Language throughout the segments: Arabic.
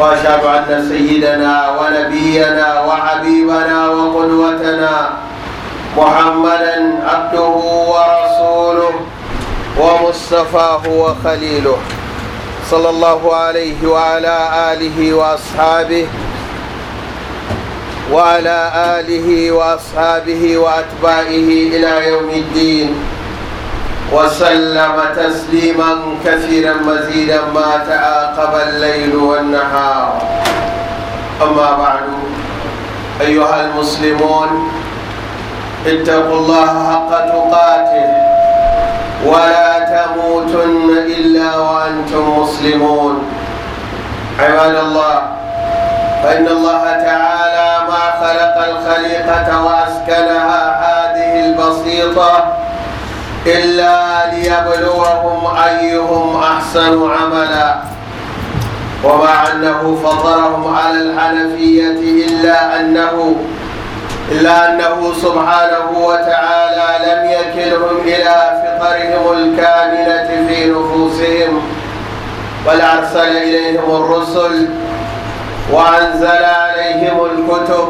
واشهد ان سيدنا ونبينا وحبيبنا وقدوتنا محمدا عبده ورسوله ومصطفاه وخليله صلى الله عليه وعلى اله واصحابه وعلى آله وأصحابه وأتباعه إلى يوم الدين وسلم تسليما كثيرا مزيدا ما تعاقب الليل والنهار أما بعد أيها المسلمون اتقوا الله حق تقاته ولا تموتن إلا وأنتم مسلمون عباد الله فإن الله تعالى ما خلق الخليقة وأسكنها هذه البسيطة إلا ليبلوهم أيهم أحسن عملا ومع أنه فطرهم على الحنفية إلا أنه إلا أنه سبحانه وتعالى لم يكلهم إلى فطرهم الكاملة في نفوسهم بل أرسل إليهم الرسل وأنزل عليهم الكتب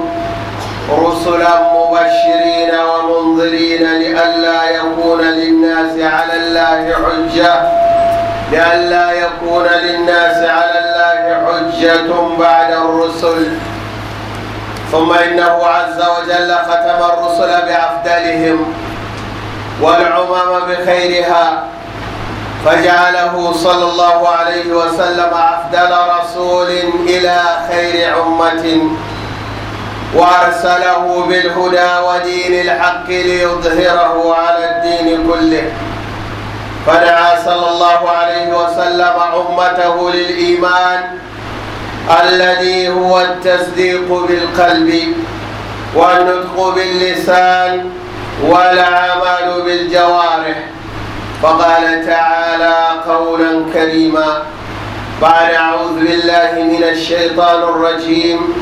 رسلا مبشرين ومنذرين لئلا يكون للناس على الله حجة لئلا يكون للناس على الله حجة بعد الرسل ثم إنه عز وجل ختم الرسل بأفدلهم والعمم بخيرها فجعله صلى الله عليه وسلم أفدل رسول إلى خير أمة وارسله بالهدى ودين الحق ليظهره على الدين كله فدعا صلى الله عليه وسلم امته للايمان الذي هو التصديق بالقلب والنطق باللسان والعمل بالجوارح فقال تعالى قولا كريما بعد اعوذ بالله من الشيطان الرجيم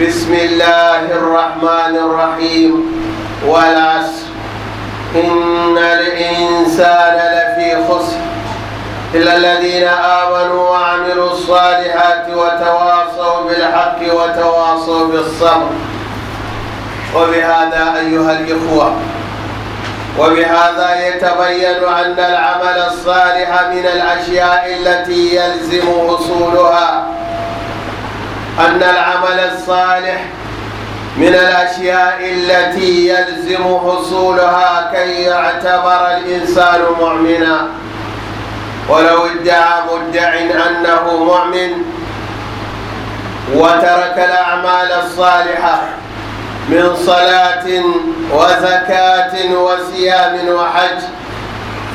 بسم الله الرحمن الرحيم والعصر إن الإنسان لفي خسر إلا الذين آمنوا وعملوا الصالحات وتواصوا بالحق وتواصوا بالصبر وبهذا أيها الإخوة وبهذا يتبين أن العمل الصالح من الأشياء التي يلزم حصولها أن العمل الصالح من الأشياء التي يلزم حصولها كي يعتبر الإنسان مؤمنا ولو ادعى مدع أنه مؤمن وترك الأعمال الصالحة من صلاة وزكاة وصيام وحج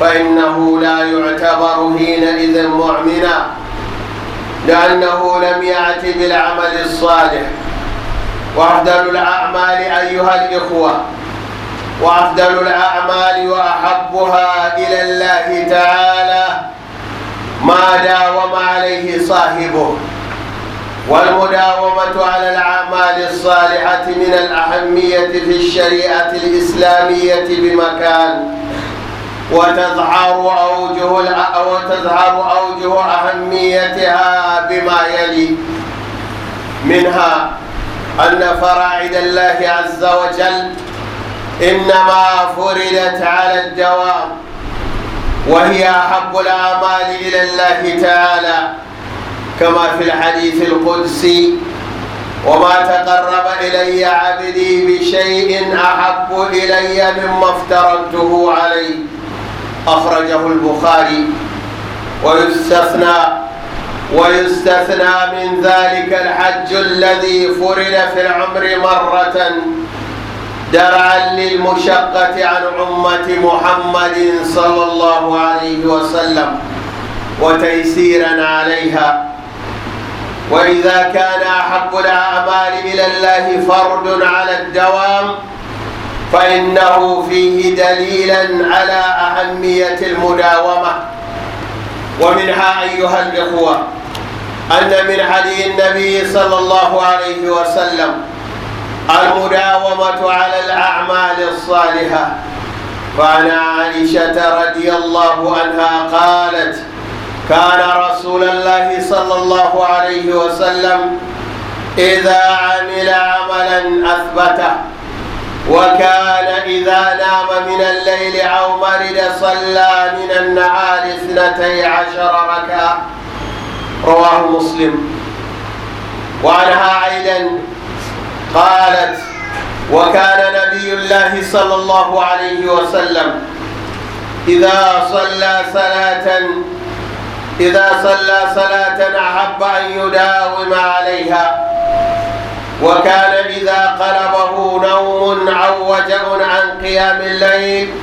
فإنه لا يعتبر حينئذ مؤمنا لأنه لم يأت بالعمل الصالح وأفضل الأعمال أيها الإخوة وأفضل الأعمال وأحبها إلى الله تعالى ما داوم عليه صاحبه والمداومة على الأعمال الصالحة من الأهمية في الشريعة الإسلامية بمكان وتظهر أوجه وتظهر أوجه أهميتها بما يلي منها أن فرائد الله عز وجل إنما فردت على الدوام وهي أحب الأعمال إلى الله تعالى كما في الحديث القدسي وما تقرب إلي عبدي بشيء أحب إلي مما افترضته عليه أخرجه البخاري ويستثنى ويستثنى من ذلك الحج الذي فرد في العمر مرة درعا للمشقة عن أمة محمد صلى الله عليه وسلم وتيسيرا عليها وإذا كان أحب الأعمال إلى الله فرد على الدوام فإنه فيه دليلا على أهمية المداومة ومنها أيها الإخوة أن من هدي النبي صلى الله عليه وسلم المداومة على الأعمال الصالحة فعن عائشة رضي الله عنها قالت كان رسول الله صلى الله عليه وسلم إذا عمل عملا أثبته وكان إذا نام من الليل أو مرد صلى من النعال اثنتي عشر ركعة رواه مسلم وعنها عيدا قالت وكان نبي الله صلى الله عليه وسلم إذا صلى صلاة إذا صلى صلاة أحب أن يداوم عليها وكان إذا قلبه نوم أو عن قيام الليل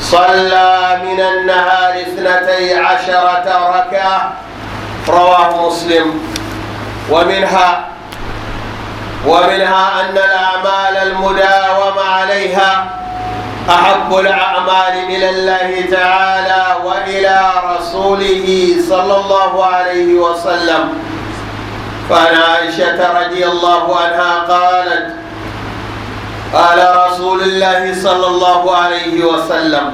صلى من النهار اثنتي عشرة ركعة رواه مسلم ومنها ومنها أن الأعمال المداوم عليها أحب الأعمال إلى الله تعالى وإلى رسوله صلى الله عليه وسلم وعن عائشة رضي الله عنها قالت قال رسول الله صلى الله عليه وسلم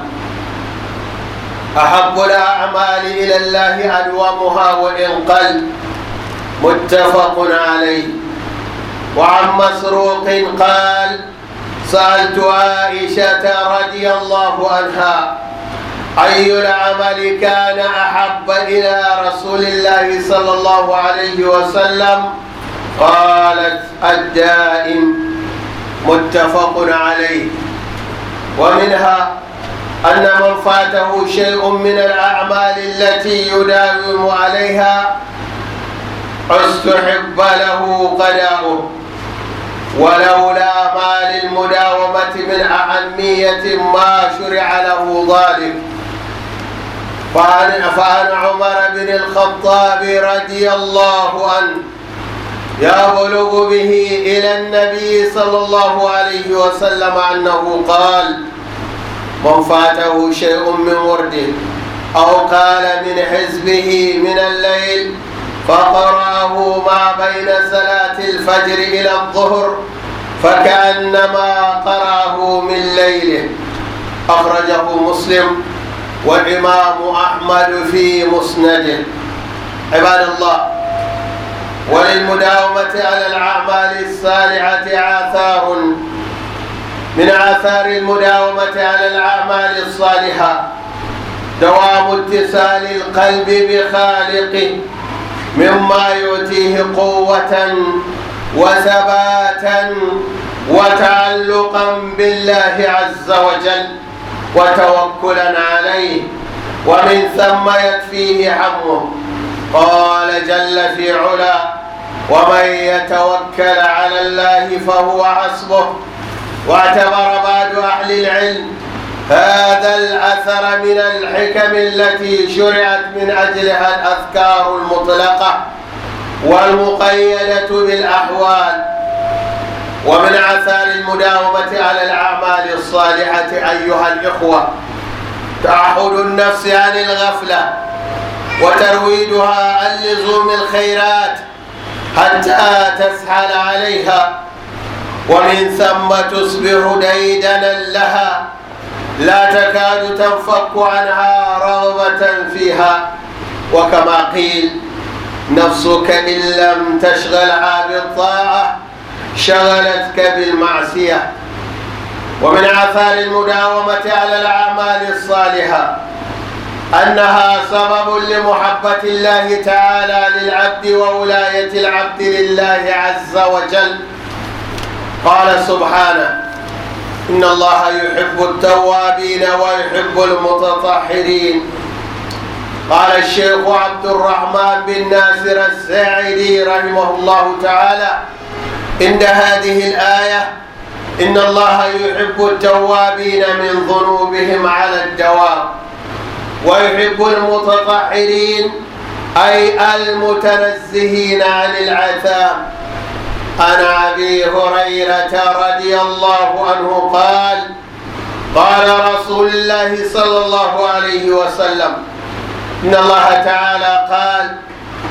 أحب الأعمال إلى الله أدومها وإن قل متفق عليه وعن مسروق قال سألت عائشة رضي الله عنها أي العمل كان أحب إلى رسول الله صلى الله عليه وسلم قالت الدائم متفق عليه ومنها أن من فاته شيء من الأعمال التي يداوم عليها استحب له قداؤه ولولا ما للمداومة من أهمية ما شرع له ذلك فعن فعن عمر بن الخطاب رضي الله عنه يبلغ به إلى النبي صلى الله عليه وسلم أنه قال من فاته شيء من ورده أو قال من حزبه من الليل فقرأه ما بين صلاة الفجر إلى الظهر فكأنما قرأه من ليله أخرجه مسلم والإمام أحمد في مسنده عباد الله وللمداومة على الأعمال الصالحة آثار من آثار المداومة على الأعمال الصالحة دوام اتصال القلب بخالقه مما يؤتيه قوة وثباتا وتعلقا بالله عز وجل وتوكلا عليه ومن ثم يكفيه همه قال جل في علا ومن يتوكل على الله فهو حسبه واعتبر بعض أهل العلم هذا الأثر من الحكم التي شرعت من أجلها الأذكار المطلقة والمقيدة بالأحوال ومن آثار المداومة على الأعمال الصالحة أيها الإخوة تعهد النفس عن الغفلة وترويدها عن لزوم الخيرات حتى تسهل عليها ومن ثم تصبح ديدنا لها لا تكاد تنفك عنها رغبة فيها وكما قيل نفسك إن لم تشغلها بالطاعة شغلتك بالمعصية ومن آثار المداومة على الأعمال الصالحة أنها سبب لمحبة الله تعالى للعبد وولاية العبد لله عز وجل قال سبحانه إن الله يحب التوابين ويحب المتطهرين قال الشيخ عبد الرحمن بن ناصر الساعدي رحمه الله تعالى عند هذه الآية إن الله يحب التوابين من ذنوبهم على الدوام ويحب المتطهرين أي المتنزهين عن العثام عن أبي هريرة رضي الله عنه قال قال رسول الله صلى الله عليه وسلم إن الله تعالى قال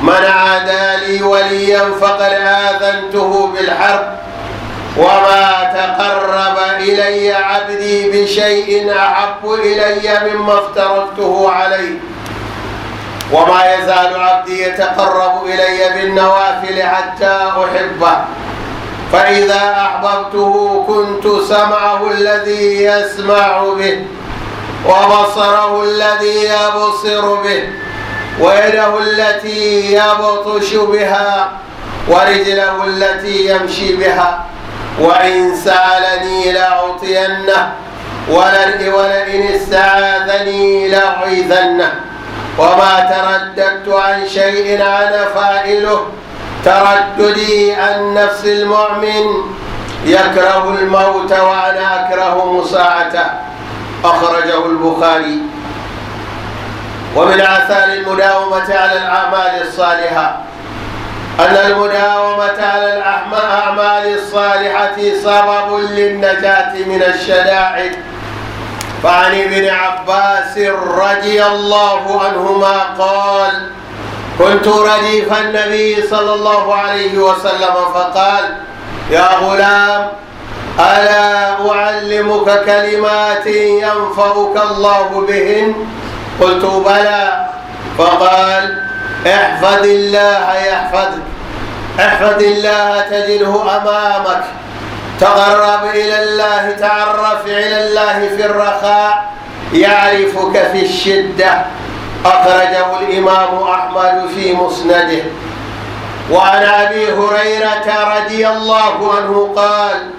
من عادى لي وليا فقد آذنته بالحرب وما تقرب إلي عبدي بشيء أحب إلي مما افترضته عليه وما يزال عبدي يتقرب إلي بالنوافل حتى أحبه فإذا أحببته كنت سمعه الذي يسمع به وبصره الذي يبصر به ويده التي يبطش بها ورجله التي يمشي بها وإن سألني لأعطينه ولئن استعاذني لأعيذنه وما ترددت عن شيء أنا فاعله ترددي عن نفس المؤمن يكره الموت وأنا أكره مساعته أخرجه البخاري ومن آثار المداومة على الأعمال الصالحة أن المداومة على الأعمال الصالحة سبب للنجاة من الشدائد فعن ابن عباس رضي الله عنهما قال كنت رديف النبي صلى الله عليه وسلم فقال يا غلام ألا أعلمك كلمات ينفعك الله بهن قلت بلى فقال احفظ الله يحفظك احفظ الله تجده أمامك تقرب إلى الله تعرف إلى الله في الرخاء يعرفك في الشدة أخرجه الإمام أحمد في مسنده وعن أبي هريرة رضي الله عنه قال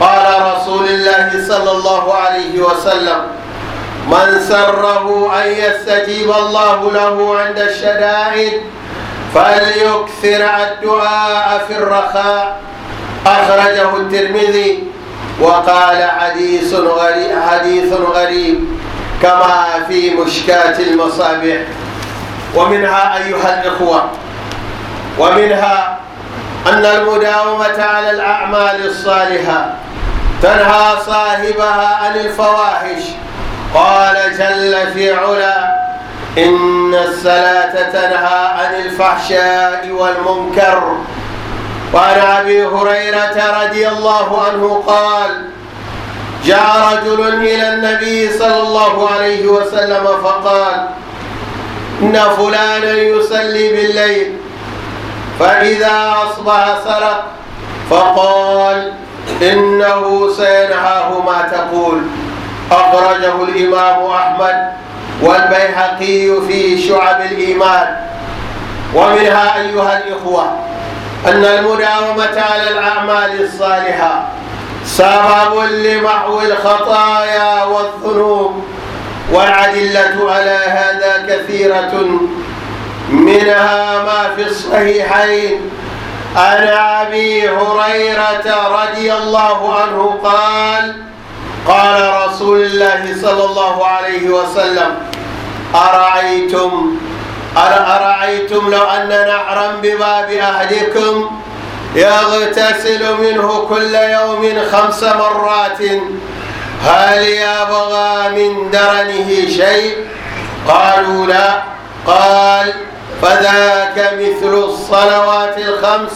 قال رسول الله صلى الله عليه وسلم من سره أن يستجيب الله له عند الشدائد فليكثر الدعاء في الرخاء أخرجه الترمذي وقال حديث غريب, حديث غريب كما في مشكاة المصابيح ومنها أيها الإخوة ومنها أن المداومة على الأعمال الصالحة تنهى صاحبها عن الفواحش قال جل في علا إن الصلاة تنهى عن الفحشاء والمنكر وعن أبي هريرة رضي الله عنه قال جاء رجل إلى النبي صلى الله عليه وسلم فقال إن فلانا يصلي بالليل فإذا أصبح سرق فقال إنه سينهاه ما تقول أخرجه الإمام أحمد والبيهقي في شعب الإيمان ومنها أيها الإخوة أن المداومة على الأعمال الصالحة سبب لمحو الخطايا والذنوب والعدلة على هذا كثيرة منها ما في الصحيحين عن أبي هريرة رضي الله عنه قال قال رسول الله صلى الله عليه وسلم أرأيتم أرأيتم لو أن نعرا بباب أهلكم يغتسل منه كل يوم خمس مرات هل يبغى من درنه شيء قالوا لا قال فذاك مثل الصلوات الخمس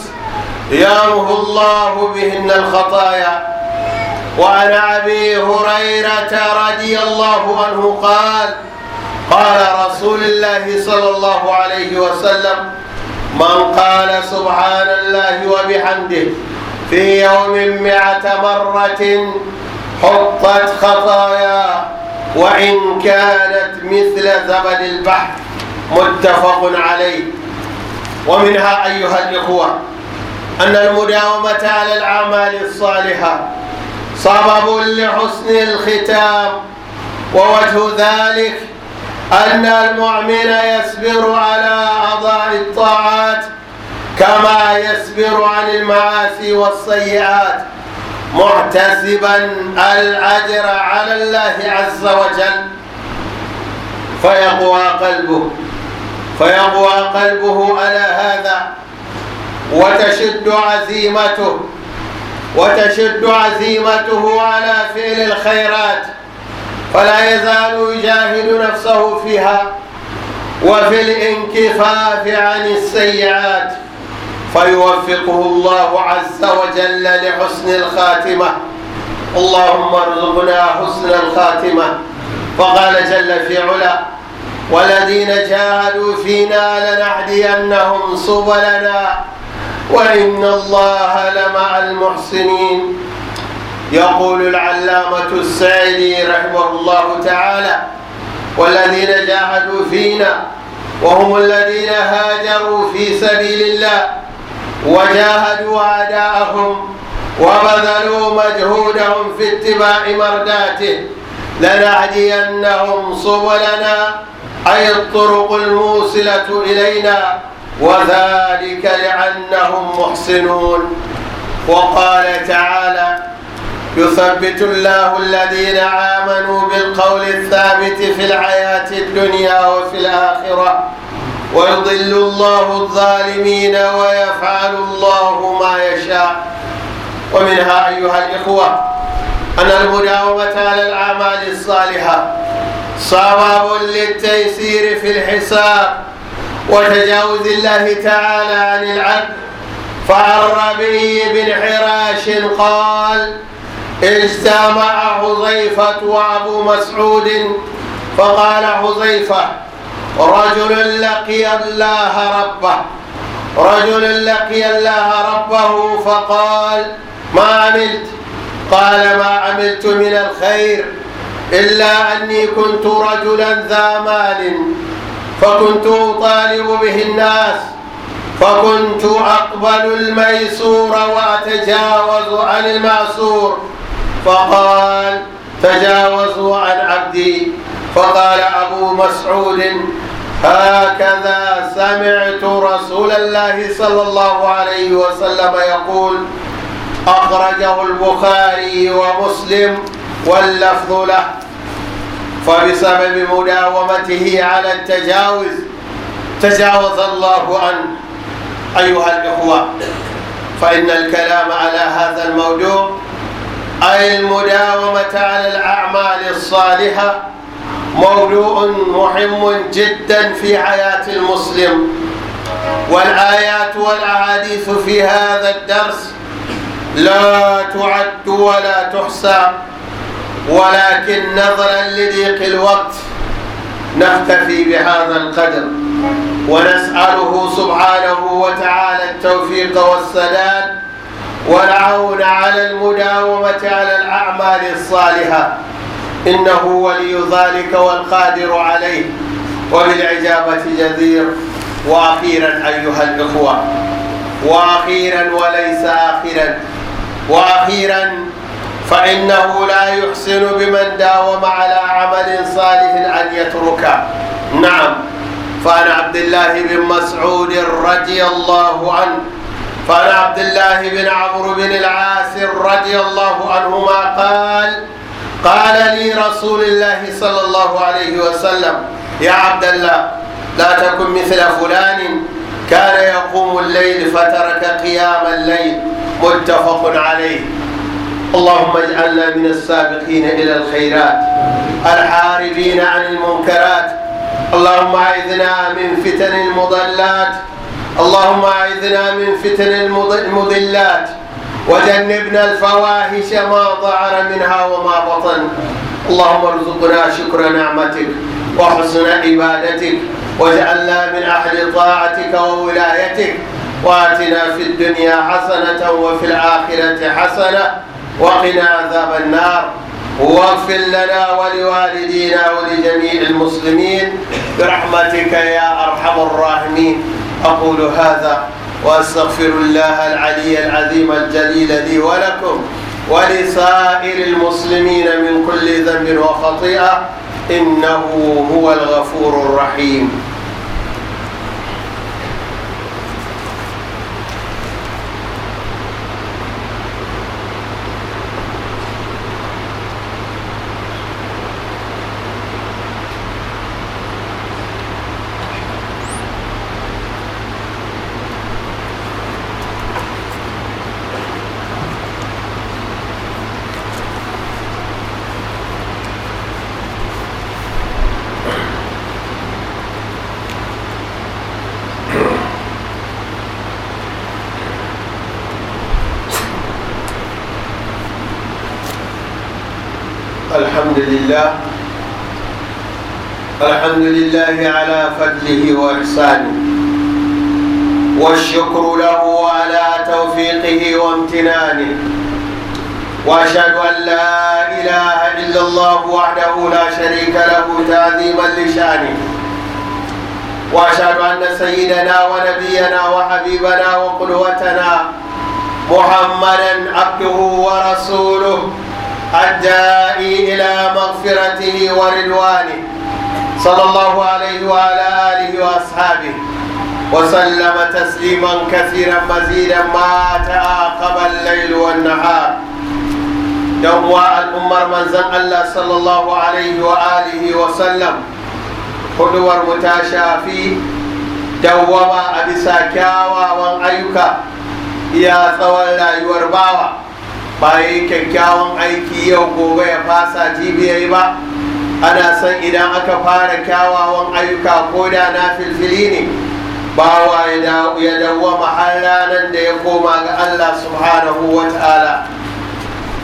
يامه الله بهن الخطايا وعن أبي هريرة رضي الله عنه قال قال رسول الله صلى الله عليه وسلم من قال سبحان الله وبحمده في يوم مئة مرة حطت خطايا وإن كانت مثل زبد البحر متفق عليه ومنها أيها الإخوة أن المداومة على الأعمال الصالحة سبب لحسن الختام ووجه ذلك أن المؤمن يصبر على أعضاء الطاعات كما يصبر عن المعاصي والسيئات محتسبا الأجر على الله عز وجل فيقوى قلبه فيغوى قلبه على هذا وتشد عزيمته وتشد عزيمته على فعل الخيرات فلا يزال يجاهد نفسه فيها وفي الانكفاف عن السيئات فيوفقه الله عز وجل لحسن الخاتمة اللهم ارزقنا حسن الخاتمة فقال جل في علا والذين جاهدوا فينا لنهدينهم سبلنا وإن الله لمع المحسنين يقول العلامة السعدي رحمه الله تعالى والذين جاهدوا فينا وهم الذين هاجروا في سبيل الله وجاهدوا أعداءهم وبذلوا مجهودهم في اتباع مرداته لنهدينهم سبلنا أي الطرق الموصلة إلينا وذلك لأنهم محسنون وقال تعالى يثبت الله الذين آمنوا بالقول الثابت في الحياة الدنيا وفي الآخرة ويضل الله الظالمين ويفعل الله ما يشاء ومنها أيها الإخوة أن المداومة على الأعمال الصالحة صواب للتيسير في الحساب وتجاوز الله تعالى عن العبد فعن ربي بن حراش قال اجتمع حذيفة وأبو مسعود فقال حذيفة رجل لقي الله ربه رجل لقي الله ربه فقال ما عملت قال ما عملت من الخير إلا أني كنت رجلا ذا مال فكنت أطالب به الناس فكنت أقبل الميسور وأتجاوز عن المعسور فقال تجاوزوا عن عبدي فقال أبو مسعود هكذا سمعت رسول الله صلى الله عليه وسلم يقول أخرجه البخاري ومسلم واللفظ له فبسبب مداومته على التجاوز تجاوز الله عنه أيها الإخوة فإن الكلام على هذا الموضوع أي المداومة على الأعمال الصالحة موضوع مهم جدا في حياة المسلم والآيات والأحاديث في هذا الدرس لا تعد ولا تحصى ولكن نظرا لضيق الوقت نختفي بهذا القدر ونسأله سبحانه وتعالى التوفيق والسداد والعون على المداومة على الأعمال الصالحة إنه ولي ذلك والقادر عليه وبالعجابة جدير وأخيرا أيها الإخوة وأخيرا وليس آخرا وأخيرا فإنه لا يحسن بمن داوم على عمل صالح أن يتركه نعم فعن عبد الله بن مسعود رضي الله عنه فعن عبد الله بن عمرو بن العاص رضي الله عنهما قال قال لي رسول الله صلى الله عليه وسلم يا عبد الله لا تكن مثل فلان كان يقوم الليل فترك قيام الليل متفق عليه اللهم اجعلنا من السابقين إلى الخيرات الحاربين عن المنكرات اللهم اعذنا من فتن المضلات اللهم اعذنا من فتن المضلات وجنبنا الفواحش ما ظهر منها وما بطن اللهم ارزقنا شكر نعمتك وحسن عبادتك واجعلنا من اهل طاعتك وولايتك واتنا في الدنيا حسنه وفي الاخره حسنه وقنا عذاب النار واغفر لنا ولوالدينا ولجميع المسلمين برحمتك يا أرحم الراحمين أقول هذا وأستغفر الله العلي العظيم الجليل لي ولكم ولسائر المسلمين من كل ذنب وخطيئة إنه هو الغفور الرحيم الحمد لله الحمد لله على فضله وإحسانه والشكر له على توفيقه وامتنانه وأشهد أن لا إله إلا الله وحده لا شريك له تعظيما لشانه وأشهد أن سيدنا ونبينا وحبيبنا وقدوتنا محمدا عبده ورسوله الداعي إلى مغفرته ورضوانه صلى الله عليه وعلى آله وأصحابه وسلم تسليما كثيرا مزيدا ما تعاقب الليل والنهار يوم الأمر منزل الله صلى الله عليه وآله وسلم كدور متاشافي دوما أبسا كاوا ايكا يا ثوالا لا يورباوا ba yi kyakkyawan aiki yau gobe ya fasa jibiya ba ana san idan aka fara kyawawan ayyuka ko da na filfili ne bawa ya dawo mahalla nan da ya koma ga allah subhanahu wa ta'ala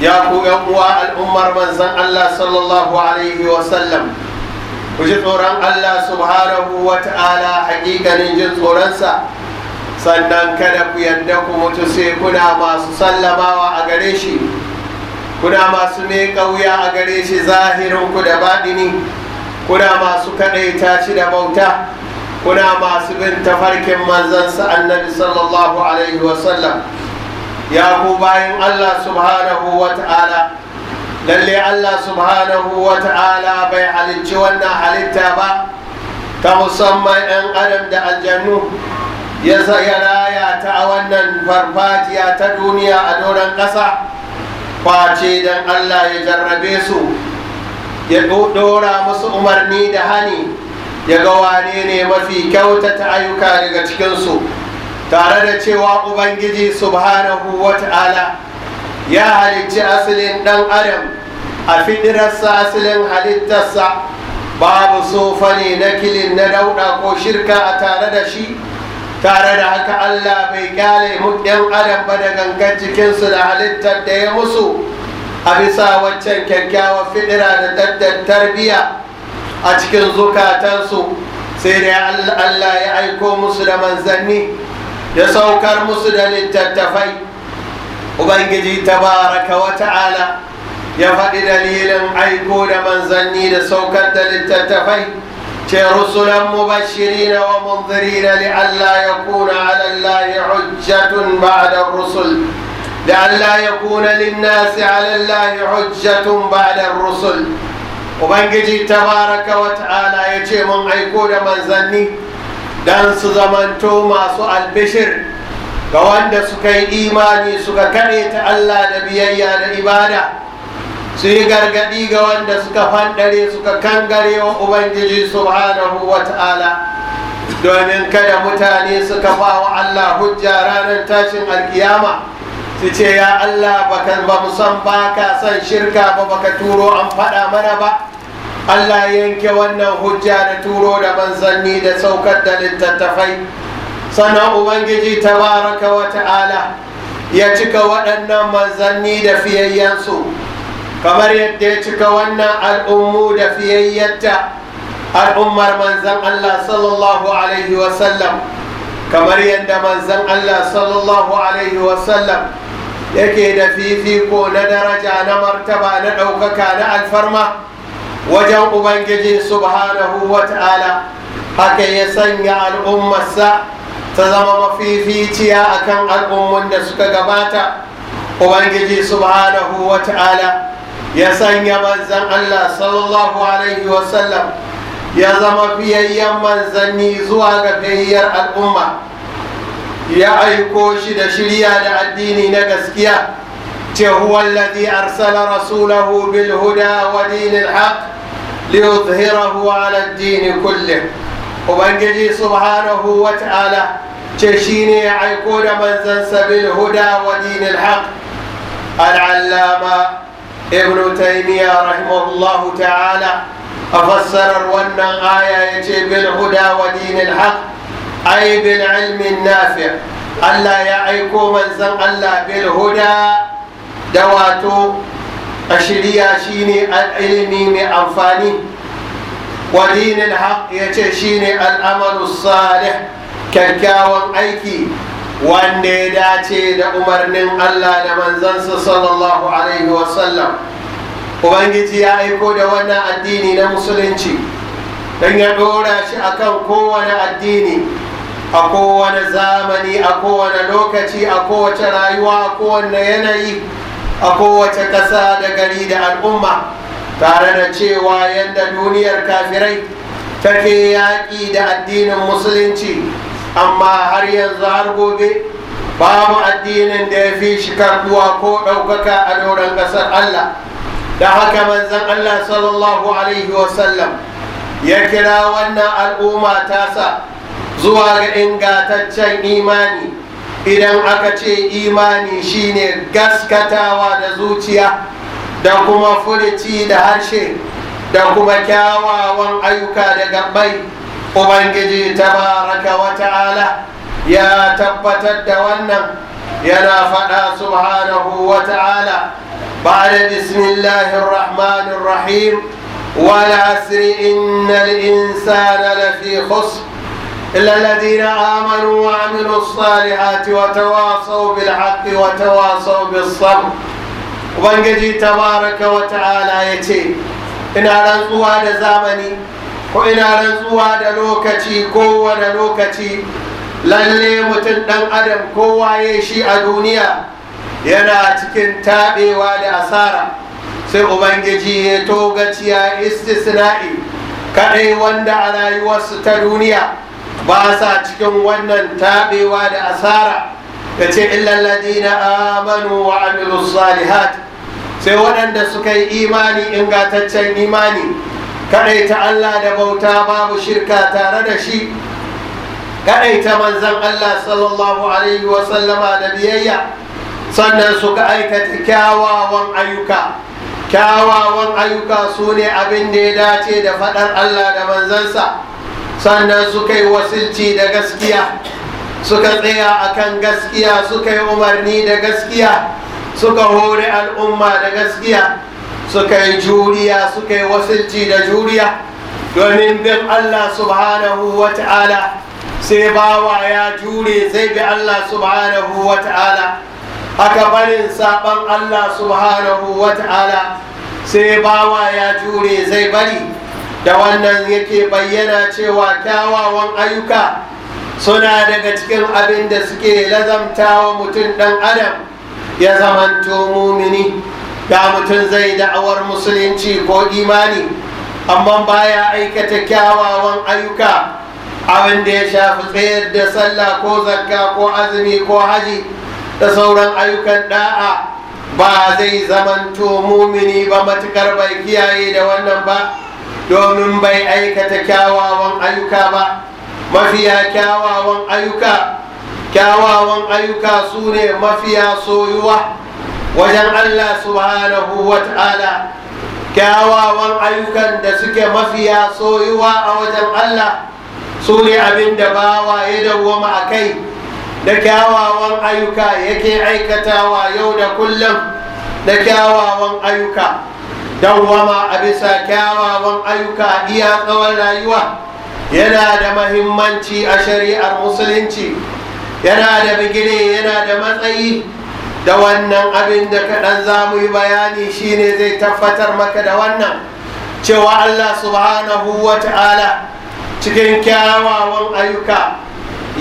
ya ku yan uwa al'ummar manzon allah sallallahu alaihi wa sallam ku ji tsoron allah subhanahu wa ta'ala hakikanin jin tsoronsa sannan kada ku yadda ku mutu sai kuna masu sallamawa a gare shi kuna masu miƙa wuya a gare shi zahirinku da baɗini kuna masu kaɗaita shi da bauta kuna masu bin tafarkin manzansa annabi sallallahu alaihi wasallam ya ku bayan allah subhanahu wa ta'ala lalle allah subhanahu wa ta'ala bai halicci wannan halitta ba ta musamman 'yan adam da aljannu ya raya ta a wannan farfajiya ta duniya a doron ƙasa Kwace don allah ya jarrabe su ya ɗora musu umarni da hani ya ga wane ne mafi kyautata ayyuka daga cikinsu tare da cewa ubangiji subhanahu wa ta'ala ya halicci asalin ɗan adam a fidirarsa asalin halittarsa babu sofa na kilin na dauɗa ko shirka a tare da shi tare da haka Allah bai kyale yan adam ba da gangan cikinsu da halittar da ya musu a bisa waccan kyakkyawar fidira da daddar tarbiyya a cikin zukatansu sai da Allah ya aiko musu da manzanni ya saukar musu da littattafai ubangiji tabaraka wa ta'ala ya faɗi dalilin aiko da manzanni da saukar da littattafai رسلا مبشرين ومنذرين لئلا يكون على الله حجة بعد الرسل لئلا يكون للناس على الله حجة بعد الرسل وبنجي تبارك وتعالى يجي من عيكون من زني دان سزمان توما سؤال بشر كوان سكي إيماني سكا كريت الله نبيا يا لإبادة su yi gargaɗi ga wanda suka fanɗare suka kangare wa ubangiji subhanahu wa ta'ala domin kada mutane suka fawa allah hujja ranar tashin alkiyama su ce ya allah baka ba san ba ka san shirka ba baka turo an faɗa mana ba allah yanke wannan hujja da turo da manzanni da saukar da littattafai sannan ubangiji tabaraka wa ta'ala ya cika waɗannan manzanni da fiyayyansu kamar yadda ya cika wannan al'ummu da fiyayyarta al'ummar manzan Allah sallallahu alaihi wasallam kamar yadda manzan Allah sallallahu alaihi wasallam yake da fifiko na daraja na martaba na ɗaukaka na alfarma wajen ubangiji subhanahu wa ta'ala haka ya sanya al'ummarsa ta zama mafificiya akan al'ummun da suka gabata ubangiji subhanahu wa ta'ala ya sanya manzan Allah sallallahu alaihi wasallam ya zama biyayyen manzanni zuwa ga biyayyar al'umma ya aiko shi da shirya da addini na gaskiya ce huwa alladhi arsala rasulahu bil huda wa dinil haqq liyuzhirahu ala ad-din kullih ubangiji subhanahu wa ta'ala ce shine ya aiko da manzansa bil huda wa dinil haqq al-allama ابن تيمية رحمه الله تعالى أفسر وانا آية يجي بالهدى ودين الحق أي بالعلم النافع ألا يعيكو من زن ألا بالهدى دواتو أشريا شيني العلمي مأنفاني ودين الحق يتي شيني الأمل الصالح كالكاوان أيكي wanda ya dace da umarnin Allah da manzansa sallallahu alaihi wasallam ubangiji ya aiko da wannan addini na musulunci don ya dora shi a kan kowane addini a kowane zamani a kowane lokaci a kowace rayuwa a kowane yanayi a kowace ƙasa da gari da al'umma tare da cewa yadda duniyar kafirai take yaƙi da addinin musulunci أما هري الظهر بوبي باب الدين اندي في شكر بوا كو بكا أدورا قصر الله دهك منزل الله صلى الله عليه وسلم يكرا ونا الأمة تاسا زوار إنغا تتشين إيماني إذن أكتش إيماني شيني قس كتاوى دزوتيا da kuma furici da harshe da kuma kyawawan ayyuka daga bai ubangiji tabaraka wa ta'ala ya tabbatar da wannan yana faɗa subhanahu wa ta'ala بعد بسم الله الرحمن الرحيم والعسر إن الإنسان لفي خسر إلا الذين آمنوا وعملوا الصالحات وتواصوا بالحق وتواصوا بالصبر وبنجي تبارك وتعالى يتي إن على القوى زمني ko ina rantsuwa da lokaci kowane lokaci lalle mutum ɗan adam kowa ya shi a duniya yana cikin taɓewa da asara sai ubangiji ya togaciya istisna'i kaɗai wanda a rayuwarsu ta duniya ba sa cikin wannan taɓewa da asara da ce illalladina amanu wa amilu salihat sai waɗanda suka yi imani ingantaccen imani كريت الله نبوتا ما مشركاتا ندشي كريت منزل الله صلى الله عليه وسلم نبييا صنع سك أيكة كاوا وان أيكا كاوى وان أيكا سوني أبن ديداتي دفتر الله نبنزل سا صنع وسلتي دقسكيا سك قيا أكن قسكيا سك أمرني دقسكيا سك هوري الأمة دقسكيا suka yi juriya suka yi wasilci da juriya domin bin Allah subhanahu wa ta'ala sai bawa ya jure zai bi Allah subhanahu wa ta'ala haka barin saban Allah subhanahu wa ta'ala sai bawa ya jure zai bari da wannan yake bayyana cewa kyawawan ayyuka suna daga cikin abin da suke lazamta wa mutum ɗan adam ya zamanto mumini da mutum zai da'awar musulunci ko imani amma baya aikata kyawawan ayyuka abin da ya shafi tsayar da sallah ko zakka ko azumi ko haji da sauran ayyukan da'a ba zai zamanto mumini ba matukar bai kiyaye da wannan ba domin bai aikata kyawawan ayyuka ba mafiya kyawawan ayyuka kyawawan ayyuka su ne mafiya soyuwa wajen Allah subhanahu wa ta'ala kyawawan ayyukan da suke mafiya soyuwa a wajen Allah su ne abin da bawa ya dawwama a kai da kyawawan ayyuka yake aikatawa yau da kullum da kyawawan ayyuka dawwama a bisa kyawawan ayyuka iya tsawon rayuwa yana da mahimmanci a shari'ar musulunci yana da bigire yana da matsayi da wannan abin da kaɗan za mu yi bayani shine zai tabbatar maka da wannan cewa Allah subhanahu wa ta'ala cikin kyawawan ayyuka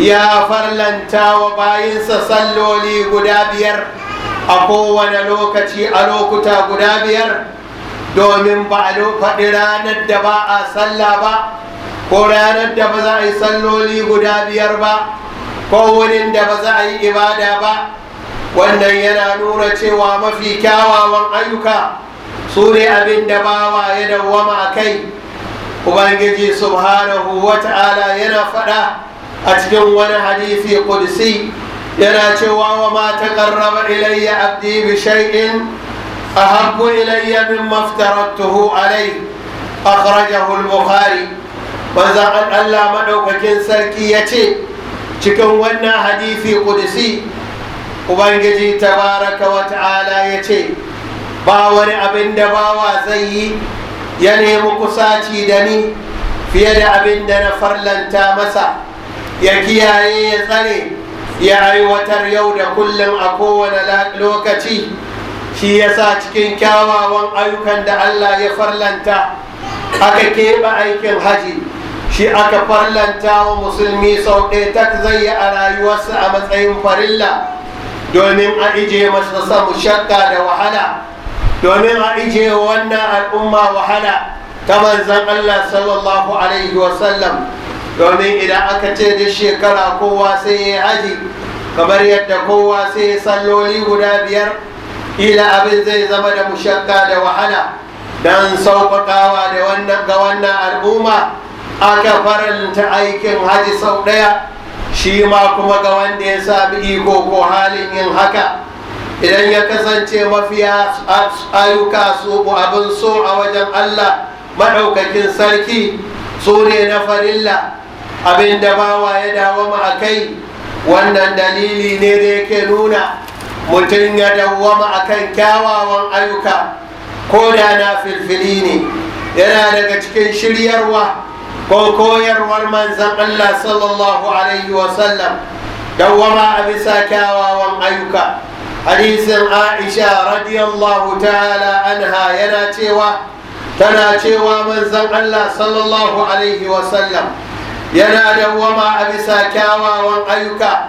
ya farlanta wa bayinsa salloli guda biyar a kowane lokaci a lokuta guda biyar domin ba a faɗi ranar da ba a salla ba ko ranar da ba za a yi salloli guda biyar ba ko wurin da ba za a yi ibada ba wannan yana nuna cewa mafi kyawawan ayyuka su ne abin da bawa ya dawwama kai ubangiji subhanahu wata'ala yana faɗa a cikin wani hadisi kudsi yana cewa wa ma taqarraba ilayya abdi bi shay'in ahabbu ilayya mimma aftaratuhu alayhi akhrajahu al-bukhari manzon Allah madaukakin sarki yace cikin wannan hadisi kudsi ubangiji tabaraka wa ta'ala ya ce ba wani abin da bawa zai yi ya nemi kusaci da ni fiye da abin da na farlanta masa ya kiyaye ya tsare ya aiwatar yau da kullum a kowane lokaci shi yasa cikin kyawawan ayyukan da allah ya farlanta aka keɓe aikin haji shi aka farlanta wa musulmi sau ɗaya tak zai yi a rayuwarsa a matsayin farilla domin a ije masa samu shakka da wahala domin a ije wannan al'umma wahala ta manzan Allah sallallahu alaihi wasallam domin idan aka ce da shekara kowa sai ya haji kamar yadda kowa sai ya salloli guda biyar ila abin zai zama da mushakka da wahala don sauƙaƙawa da wannan ga wannan al'umma aka faranta aikin haji sau ɗaya shi ma kuma ga wanda ya sami iko ko halin yin haka idan ya kasance mafiya ayyuka su abin so a wajen allah maɗaukakin sarki su ne na farilla abin da bawa ya mu a kai wannan dalili ne da yake nuna mutum ya mu a kan kyawawan ayyuka ko da na filfili ne yana daga cikin shiryarwa كوكوير ورمان زق الله صلى الله عليه وسلم دوما أبي ساكاوا وانعيوكا حديث عائشة رضي الله تعالى أنها يناتيوا تناتيوا من زق الله صلى الله عليه وسلم ينا دوما أبي ساكاوا وانعيوكا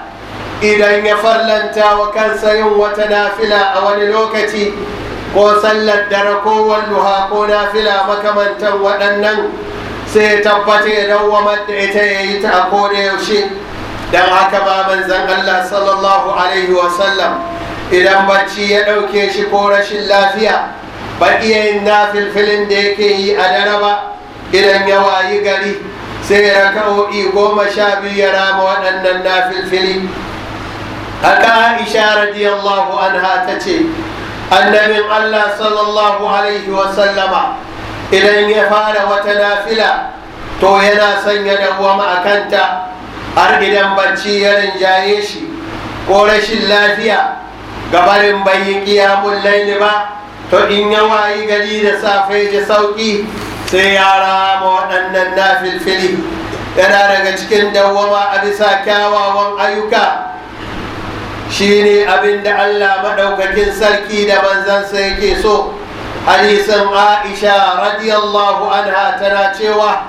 إذا يفرلنتا وكان سيوم وتنافلا أول لوكتي وسلت دركو والنهاق نافلا مكمنتا ونننن sai tabbata dan wamar da ita ya yi ta a koda yaushe don haka ba manzan Allah sallallahu alaihi wasallam idan bacci ya ɗauke shi ko rashin lafiya ba iya yin nafilfilin da yake yi a dare ba idan ya wayi gari sai raka'o'i goma sha biyu ya rama waɗannan nafilfili haka aisha radiyallahu anha ta ce annabin Allah sallallahu alaihi wasallama idan ya fara wata nafila to yana son ya dawwama a kanta har idan bacci ya rinjaye shi ko rashin lafiya gabarin bayin kiyamun laili ba to in ya wayi gari da safe ji sauki sai ya rama waɗannan nafilfili yana daga cikin dawwama a bisa kyawawan ayyuka Shi ne abin da allah maɗaukakin sarki da manzansa yake so hadisin aisha radiyallahu anha tana cewa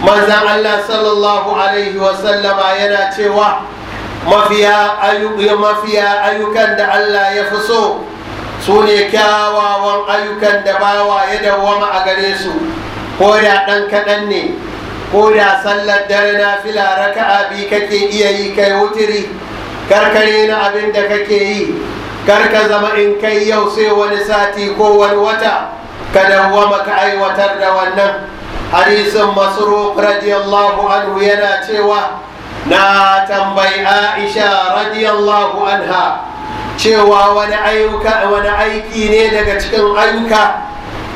manzan allah sallallahu alaihi wasallama yana cewa mafiya ayyukan da allah ya fi so su ne kyawawan ayyukan da bawa ya dawwama a gare su ko da ɗan kaɗan ne ko da sallar dare na fila raka'a bi kake iya yi kai wutiri karkare na abin da kake yi كركز ما إن كي يوصي ونساتي قوة الوتا كدومك أي وتر والنم حديث مسروق رضي الله عنه ينا تيوا نا تنبي عائشة رضي الله عنها تيوا ونعيك ونعيك نيدك تكن عيك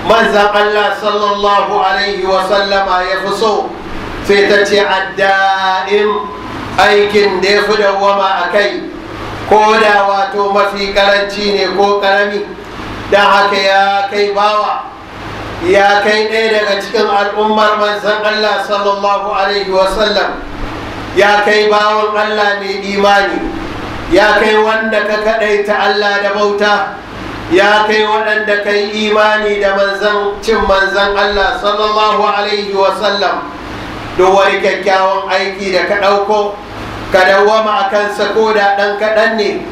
من الله صلى الله عليه وسلم يفصو في تتعدائم أيك ديفد وما أكيد ko da wato mafi karanci ne ko karami don haka ya kai bawa ya kai ɗaya daga cikin al'ummar manzan Allah sallallahu alaihi wasallam ya kai bawan Allah mai imani ya kai wanda ka kaɗaita Allah da bauta ya kai waɗanda kai imani da manzan cin manzan Allah sallallahu alaihi wasallam duk wani kyakkyawan aiki da ka ɗauko ka dawwama a kansa ko da ɗan kaɗan ne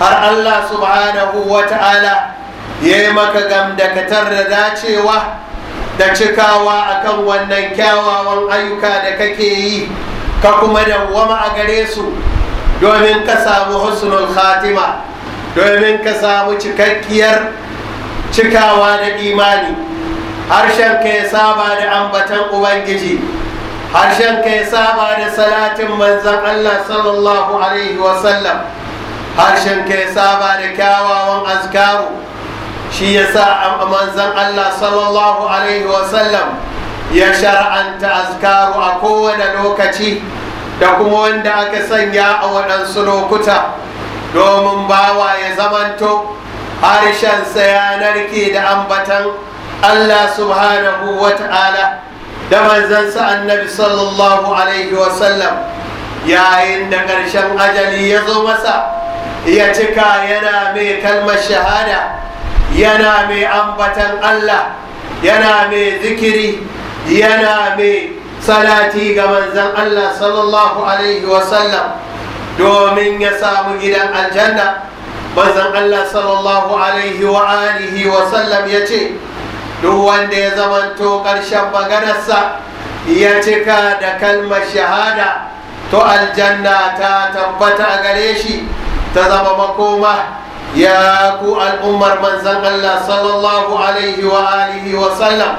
har Allah subhanahu wa ta'ala ya yi maka gamdakatar da dacewa da cikawa akan wannan kyawawan ayyuka da kake yi ka kuma dawwama a gare su domin ka samu husnul khatima domin ka samu cikakkiyar cikawa da imani harshenka ya saba da ambatan ubangiji harshen ka saba da salatin manzan Allah sallallahu alaihi wasallam harshen ka ya saba da kyawawan azkaru shi ya sa manzan Allah sallallahu alaihi wasallam ya shar'anta azkaru a kowane lokaci da kuma wanda aka sanya a waɗansu lokuta domin bawa ya zamanto harshensa ya narke da ambatan Allah subhanahu wa ta'ala da manzansa annabi sallallahu alaihi wasallam yayin da ƙarshen ajali ya zo masa ya cika yana mai kalmar shahada yana mai ambatan Allah yana mai zikiri yana mai salati ga manzan Allah sallallahu alaihi wasallam domin ya samu gidan aljanna manzan Allah sallallahu alaihi wa alihi wasallam ya ce duk wanda ya zamanto ƙarshen maganarsa ya cika da kalmar shahada to aljanna ta tabbata a gare shi ta zama makoma ya ku al'ummar manzan Allah sallallahu alaihi wa alihi wa sallam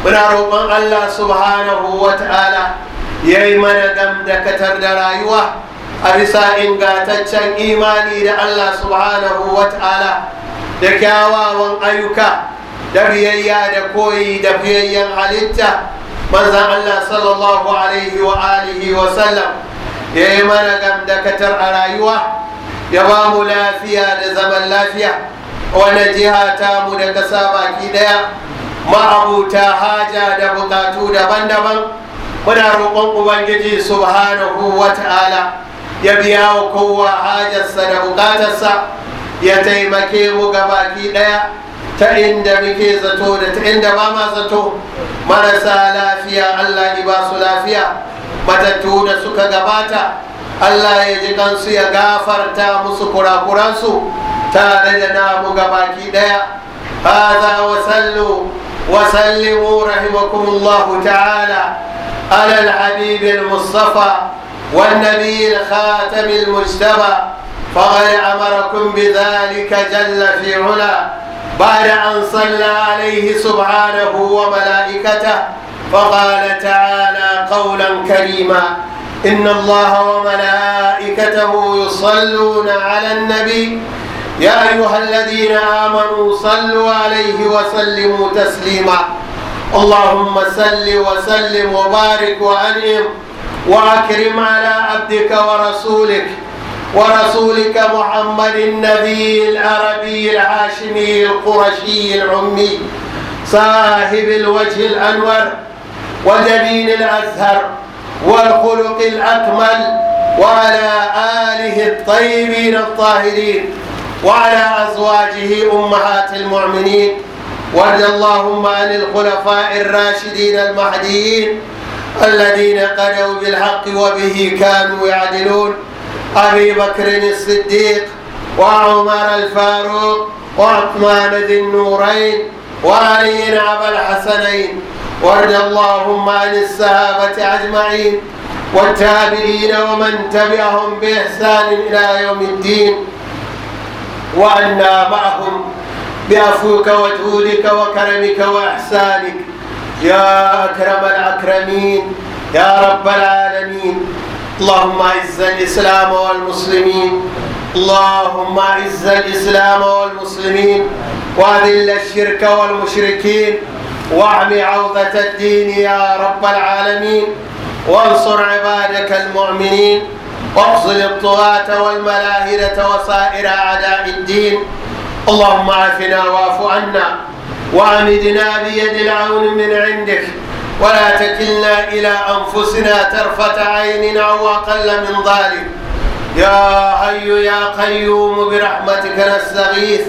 muna roƙon Allah subhanahu wa ta'ala ya yi mana gamdakatar da rayuwa a bisa ingantaccen imani da Allah subhanahu wa ta'ala da kyawawan ayyuka da biyayya da koyi da biyayyen halitta manzan Allah sallallahu alaihi wa alihi wa sallam ya yi mana gamdakatar a rayuwa ya ba mu lafiya da zaman lafiya wanda jiha ta mu da kasa baki daya ma'abuta haja da bukatu daban-daban muna roƙon ubangiji subhanahu wa ta'ala ya biya wa kowa hajarsa da bukatarsa ya taimake mu ga baki daya ta inda muke zato da ta inda ba ma zato marasa lafiya Allah ya ba su lafiya matattu da suka gabata Allah ya ji kansu ya gafarta musu kurakuransu tare da namu gabaki daya hadha wa sallu wa sallimu rahimakumullahu ta'ala ala al-habib al-mustafa والنبي الخاتم المجتبى فقد أمركم بذلك جل في علا بعد أن صلى عليه سبحانه وملائكته فقال تعالى قولا كريما إن الله وملائكته يصلون على النبي يا أيها الذين آمنوا صلوا عليه وسلموا تسليما اللهم سل وسلم وبارك وأنعم وأكرم على عبدك ورسولك ورسولك محمد النبي العربي العاشمي القرشي العمي صاحب الوجه الأنور وجبين الأزهر والخلق الأكمل وعلى آله الطيبين الطاهرين وعلى أزواجه أمهات المؤمنين وارض اللهم عن الخلفاء الراشدين المهديين الذين قدوا بالحق وبه كانوا يعدلون أبي بكر الصديق وعمر الفاروق وعثمان ذي النورين وعلي أبا الحسنين وارض اللهم عن الصحابة أجمعين والتابعين ومن تبعهم بإحسان إلى يوم الدين وأنا معهم بعفوك وجودك وكرمك وإحسانك يا أكرم الأكرمين يا رب العالمين اللهم اعز الاسلام والمسلمين اللهم اعز الاسلام والمسلمين واذل الشرك والمشركين واعم عوضه الدين يا رب العالمين وانصر عبادك المؤمنين واخزل الطغاة والملاهدة وسائر أعداء الدين اللهم عافنا واعف عنا وأمدنا بيد العون من عندك ولا تكلنا إلى أنفسنا ترفة عين أو أقل من ظالم يا حي يا قيوم برحمتك نستغيث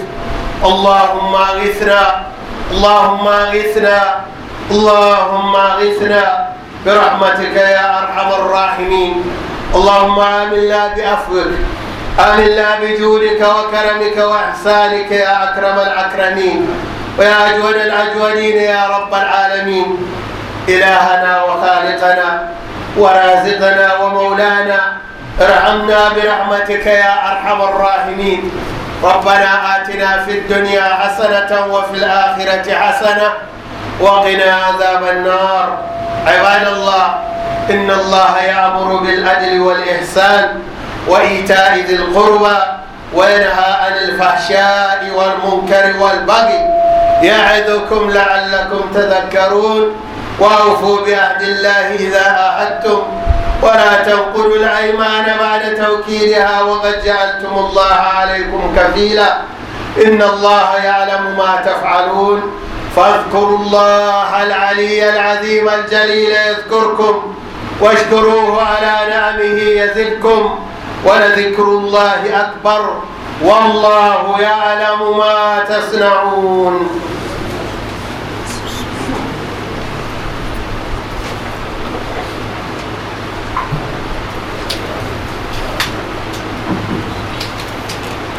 اللهم أغثنا اللهم أغثنا اللهم أغثنا برحمتك يا أرحم الراحمين اللهم آمنا بعفوك آمنا بجودك وكرمك وإحسانك يا أكرم الأكرمين ويا أجود الأجودين يا رب العالمين إلهنا وخالقنا ورازقنا ومولانا ارحمنا برحمتك يا أرحم الراحمين ربنا آتنا في الدنيا حسنة وفي الآخرة حسنة وقنا عذاب النار عباد الله إن الله يأمر بالعدل والإحسان وإيتاء ذي القربى وينهى عن الفحشاء والمنكر والبغي يعظكم لعلكم تذكرون وأوفوا بعهد الله إذا أعدتم ولا تنقلوا الأيمان بعد توكيدها وقد جعلتم الله عليكم كفيلا إن الله يعلم ما تفعلون فاذكروا الله العلي العظيم الجليل يذكركم واشكروه على نعمه يزدكم ولذكر الله أكبر والله يعلم ما تصنعون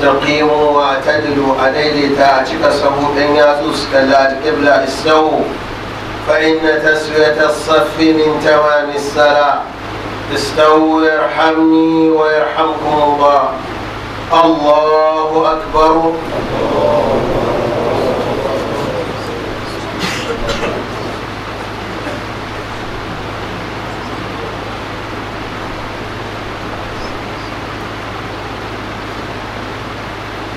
استقيموا واعتدلوا عليه تاعتك سهو إن يأتوس كلا قبل السهو فإن تسوية الصف من توام الصلاة استووا يرحمني ويرحمكم الله الله أكبر الله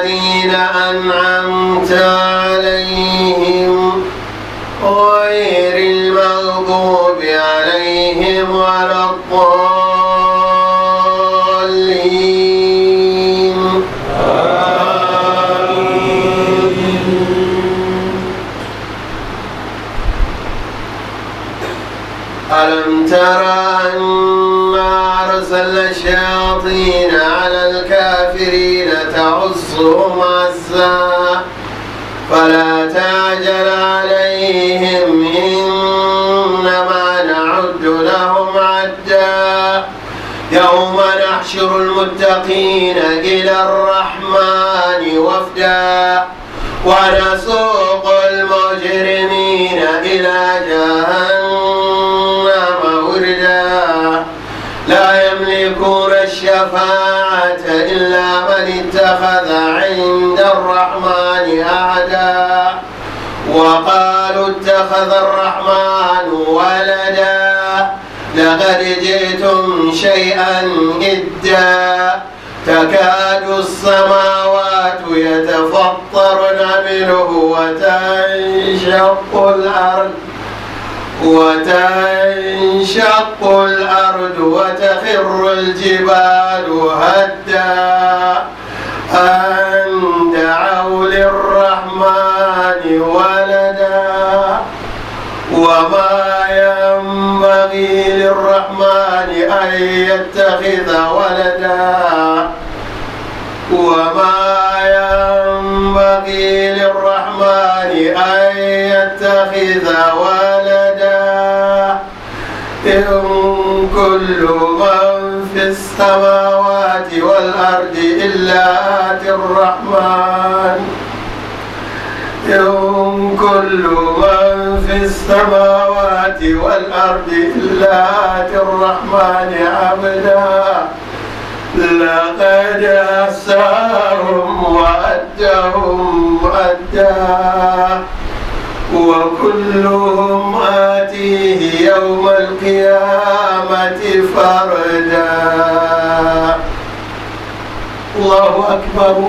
الذين أنعمت عليهم غير المغضوب عليهم ولا الضالين ألم ترى أن أرسلنا الشياطين الحصر عزا فلا تعجل عليهم إنما نعد لهم عدا يوم نحشر المتقين إلى الرحمن وفدا ونسوق المجرمين وقالوا اتخذ الرحمن ولدا لقد جئتم شيئا إدا تكاد السماوات يتفطرن منه وتنشق الأرض وتنشق الأرض وتخر الجبال هدا أن دعوا للرحمن ولدا وما ينبغي للرحمن أن يتخذ ولدا وما ينبغي للرحمن أن يتخذ ولدا إن كل من في السماوات والأرض إلا آتي الرحمن يوم كل من في السماوات والأرض إلا آتي الرحمن عبدا لقد أحساهم وأدهم أدا وكلهم آتيه يوم القيامة فردا الله أكبر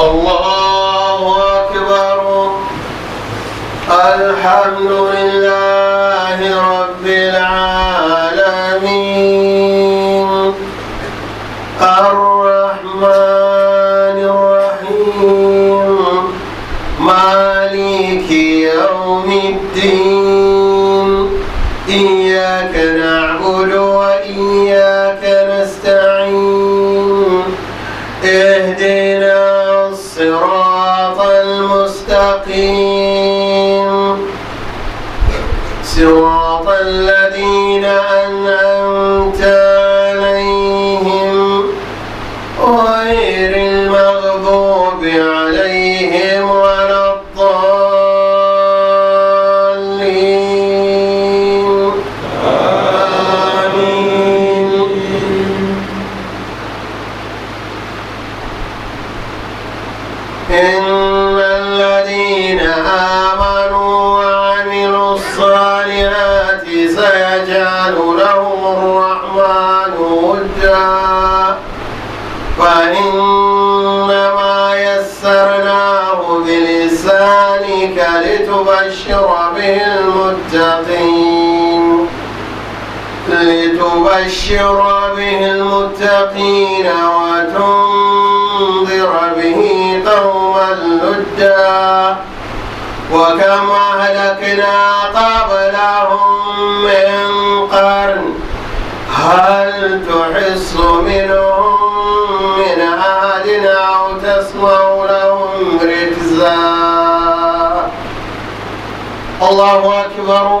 الله أكبر الحمد لله رب العالمين الظالمين وتنظر به قوما لجا وكم أهلكنا قبلهم من قرن هل تحس منهم من أحد أو تسمع لهم ركزا الله أكبر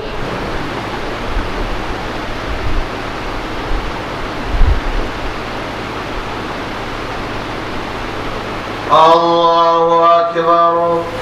الله أكبر